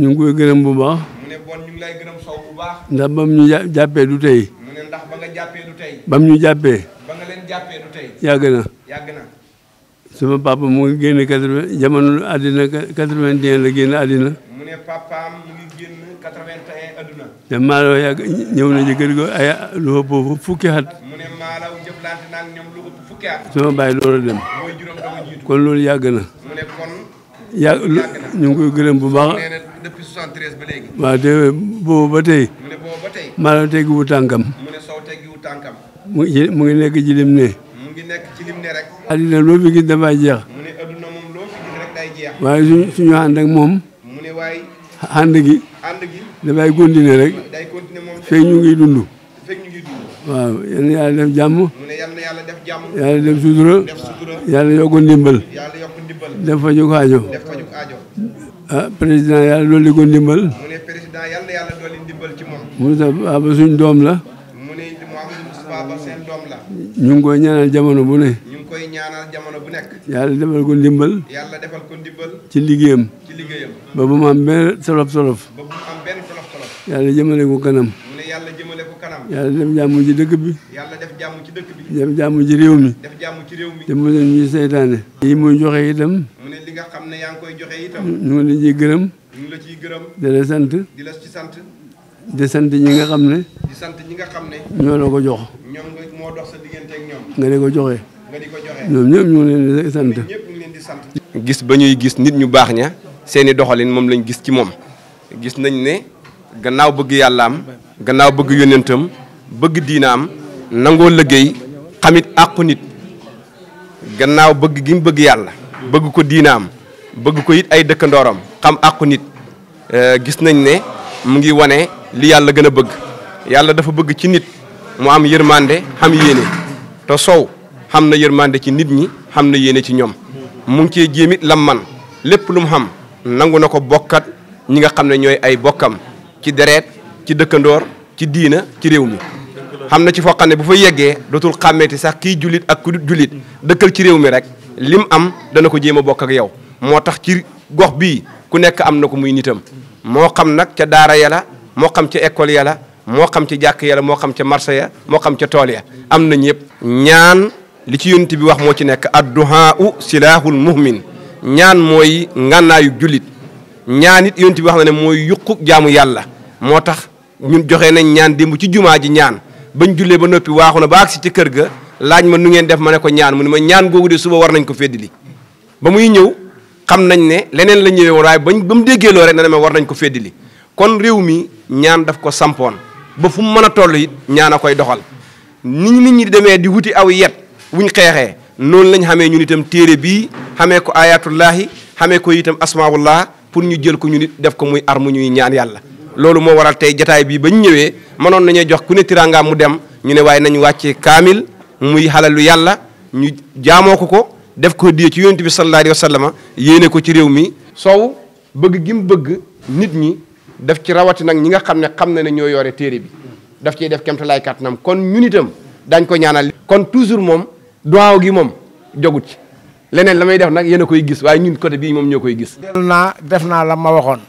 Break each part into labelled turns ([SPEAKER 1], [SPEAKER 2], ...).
[SPEAKER 1] ñu ngi koy gërëm bu baax. mu ñu ngi ndax bam ñu jàppee du tey. bam ñu jàppee. yàgg na suma na. sama papa mu ngi génn quatre-vingt quatre-vingt-un la génn àddina. te Malaw ñëw na ci kër ay lu ëpp fukki at. mu ne Malaw jëflante loolu dem. kon loolu yàgg na. mu ne ñu ngi gërëm bu baax.
[SPEAKER 2] depuis 73 ba
[SPEAKER 1] waaw te boobu ba tey. mu ne boobu ba tànkam. mu mu ngi mu ngi nekk ci ne. mu ngi nekk ci lim ne rek. adduna loo fi dafay jeex. mu ne adduna moom waaye suñu suñu ànd moom. mu gi. ànd gi dafay rek. day fekk ñu ngi dund. waaw yal yàlla def jàmm. mu ne yal yàlla def sutura. yàlla yokk ndimbal. def fa ñu ko ah président yàlla dolli ko ndimbal. mu ne président suñ doom la. mu ne
[SPEAKER 2] la. ñu ngi koy
[SPEAKER 1] ñaanal jamono bu ne. ñu ngi koy ñaanal jamono bu nekk. yàlla defal ko ndimbal. yàlla defal ko ndimbal. ci liggéeyam. ci liggéeyam. ba bu mu am benn solof solof. ba bu ko kanam. mu def jàmm ci dëkk bi. jàmm ci dëkk bi. def jàmm ci réew mi. def ci réew te mu leen ñuy seytaane. yi muy joxe itam. mu xam ne yaa ngi koy joxe ñu la ciy gërëm. ciy gërëm. di sant. di la ci sant. di sant ñi nga xam ne. di sant ñi nga xam ne. ñoo ko jox. ñoom moo dox sa ñoom. nga ko joxe. nga di ko joxe ñoom leen di sant. ñoom ñu
[SPEAKER 2] ngi leen di sant. gis ba ñuy gis nit ñu baax ña seeni i doxalin moom lañ gis ci moom gis nañ ne gannaaw bëgg yàllaam gannaaw bëgg yónnentam bëgg diinaam nangoo liggéey xamit àqu nit gannaaw bëgg gi mu bëgg yàlla bëgg ko diinaam bëgg ko it ay dëkkandooram xam àqu nit eh, gis nañ ne mu ngi wane li yàlla gën a bëgg yàlla dafa bëgg ci nit mu am yërmande xam yéene te sow xam na yërmande ci nit ñi xam na yéene ci ñoom mu ngi cee jéem lam man lépp lu mu xam nangu na ko bokkat ñi nga xam ne ñooy ay bokkam ci dereet ci dëkkandoor ci diina ci réew mi xam na ci foo xam ne bu fa yeggee dootul xàmmeeti sax kii jullit ak ku jullit dëkkal ci réew mi rek lim am dana ko jéem a bokk ak yow moo tax ci gox bii ku nekk am na ko muy nitam moo xam nag ca daara ya la moo xam ca école ya la moo xam ca jàkk ya moo xam ca marché ya moo xam ca tool ya am na ñëpp ñaan li ci yonent bi wax moo ci nekk adduhaa u silaahul muhmin ñaan mooy ngànnaayu jullit ñaan it bi wax na ne mooy yuqu jaamu yàlla moo tax ñun joxe nañ ñaan démb ci jumaa ji ñaan bañ jullee ba noppi waaxu na ba agsi ci kër ga laaj ma nu ngeen def ma ne ko ñaan mu ne ma ñaan googu de suba war nañ ko feddili ba muy ñëw xam nañ ne leneen la ñëwee woon waaye bañ ba mu déggee loo rek na ma war nañ ko feddili kon réew mi ñaan daf ko sampoon ba fu mu mën a toll it ñaan a koy doxal ni nit ñi demee di wuti aw yet wuñ xeexee noonu lañu xamee ñun itam téere bii xamee ko ayatullahi xamee ko itam asmaullah pour ñu jël ko ñu it def ko muy armu ñuy ñaan yàlla loolu moo waral tey jataay bi bañ ñëwee manoon nañuy jox ku ne tiranga mu dem ñu ne waaye nañu wàccee kaamil muy xalalu yàlla ñu jaamoo ko ko def ko diye ci yonent bi sallallahu alayhi wa sallam yéene ko ci réew mi soow bëgg gi mu bëgg nit ñi def ci rawati nag ñi nga xam ne xam na ne ñoo yore téere bi daf ciy def kemtalaay kàttanam kon ñun itam dañ ko ñaanal kon toujours moom
[SPEAKER 3] doaaw gi moom jogut ci leneen la may def nag yéen koy gis waaye ñun côté bii moom ñoo koy gis dellu naa def naa la ma waxoon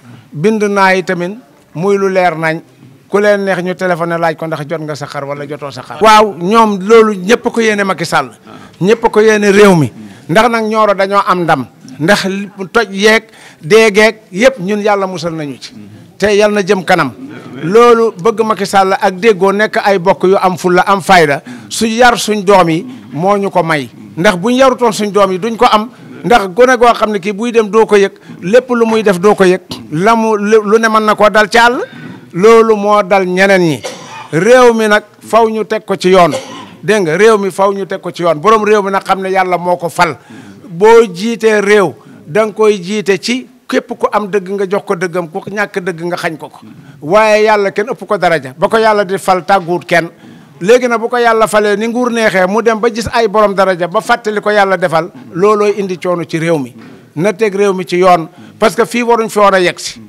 [SPEAKER 3] muy lu leer nañ ku leen neex ñu téléphoné laaj ko ndax jot nga sa xar wala jotoo sa xar. waaw ñoom loolu ñëpp ko yéene Macky sàll ñëpp ko yéene réew mi ndax nag ñooro dañoo am ndam ndax toj yeeg deegeeg yëpp ñun yàlla musal nañu ci te yàlla na jëm kanam loolu bëgg Macky sàll ak déggoo nekk ay bokk yu am fulla am fayda su yar suñ doom yi moo ñu ko may ndax buñ yarutoon suñ doom yi duñ ko am ndax gone goo xam ne kii buy dem doo ko yëg lépp lu muy def doo ko yëg la mu lu ne mën na koo dal ci àll loolu moo dal ñeneen ñi réew mi nag faw ñu teg ko ci yoon dégg nga réew mi faw ñu teg ko ci yoon borom réew mi nag xam ne yàlla moo ko fal boo jiitee réew dang koy jiite ci képp ku am dëgg nga jox ko dëggam ku ñàkk dëgg nga xañ ko ko waaye yàlla kenn ëpp ko daraja ba ko yàlla di fal tàgguwut kenn léegi na bu ko yàlla falee ni nguur neexee mu dem ba gis ay borom daraja ba fàttali ko yàlla defal loolooy indi coono ci réew mi na teg réew mi ci yoon parce que fii waruñ fi war a yegg si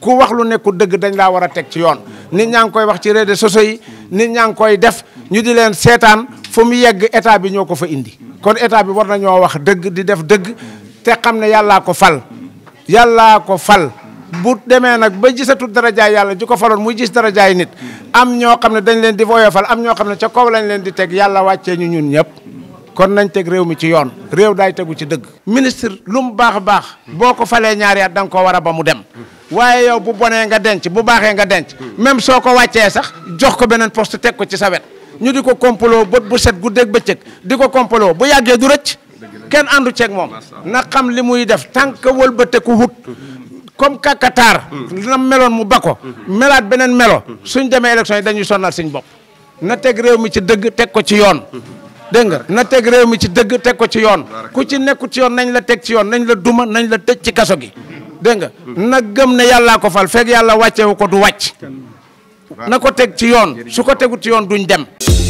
[SPEAKER 3] ku wax lu nekkul dëgg dañ laa war a teg ci yoon nit ñaa ngi koy wax ci réseaux sociaux yi nit ñaa ngi koy def ñu di leen seetaan fu mu yegg état bi ñoo ko fa indi kon état bi war nañoo wax dëgg di def dëgg te xam ne yàllaa ko fal yàllaa ko fal bu demee nag ba gisatul darajaay yàlla ji ko faloon muy gis darajaay nit am ñoo xam ne dañ leen di woyofal am ñoo xam ne ca kaw lañ leen di teg yàlla wàccee ñu ñun ñëpp kon nañ teg réew mi ci yoon réew daay tegu ci dëgg ministre lu mu baax a baax boo ko falee ñaari at da nga koo war a ba mu dem waaye yow bu bonee nga denc bu baaxee nga denc même soo ko wàccee sax jox ko beneen poste teg ko ci sa wet ñu di ko kompaloo bët bu set guddeeg bëccëg di ko kompaloo bu yàggee du rëcc kenn àndu ceeg moom na xam li muy def tànk wëlbate ku wut comme kakataar na mm. meloon mu ba ko mm-hmm. melaat beneen melo mm-hmm. suñ demee élection yi dañuy sonnal suñ bopp na teg réew mi ci dëgg teg ko ci yoon mm-hmm. dégg nga na teg réew mi ci dëgg teg ko ci yoon ku ci nekku ci yoon nañ la teg ci yoon nañ la duma nañ la tëj ci kaso gi dégg nga na gëm ne yàllaa ko fal fekk yàlla wàccewu ko du wàcc na ko teg ci yoon su ko tegut ci yoon duñ dem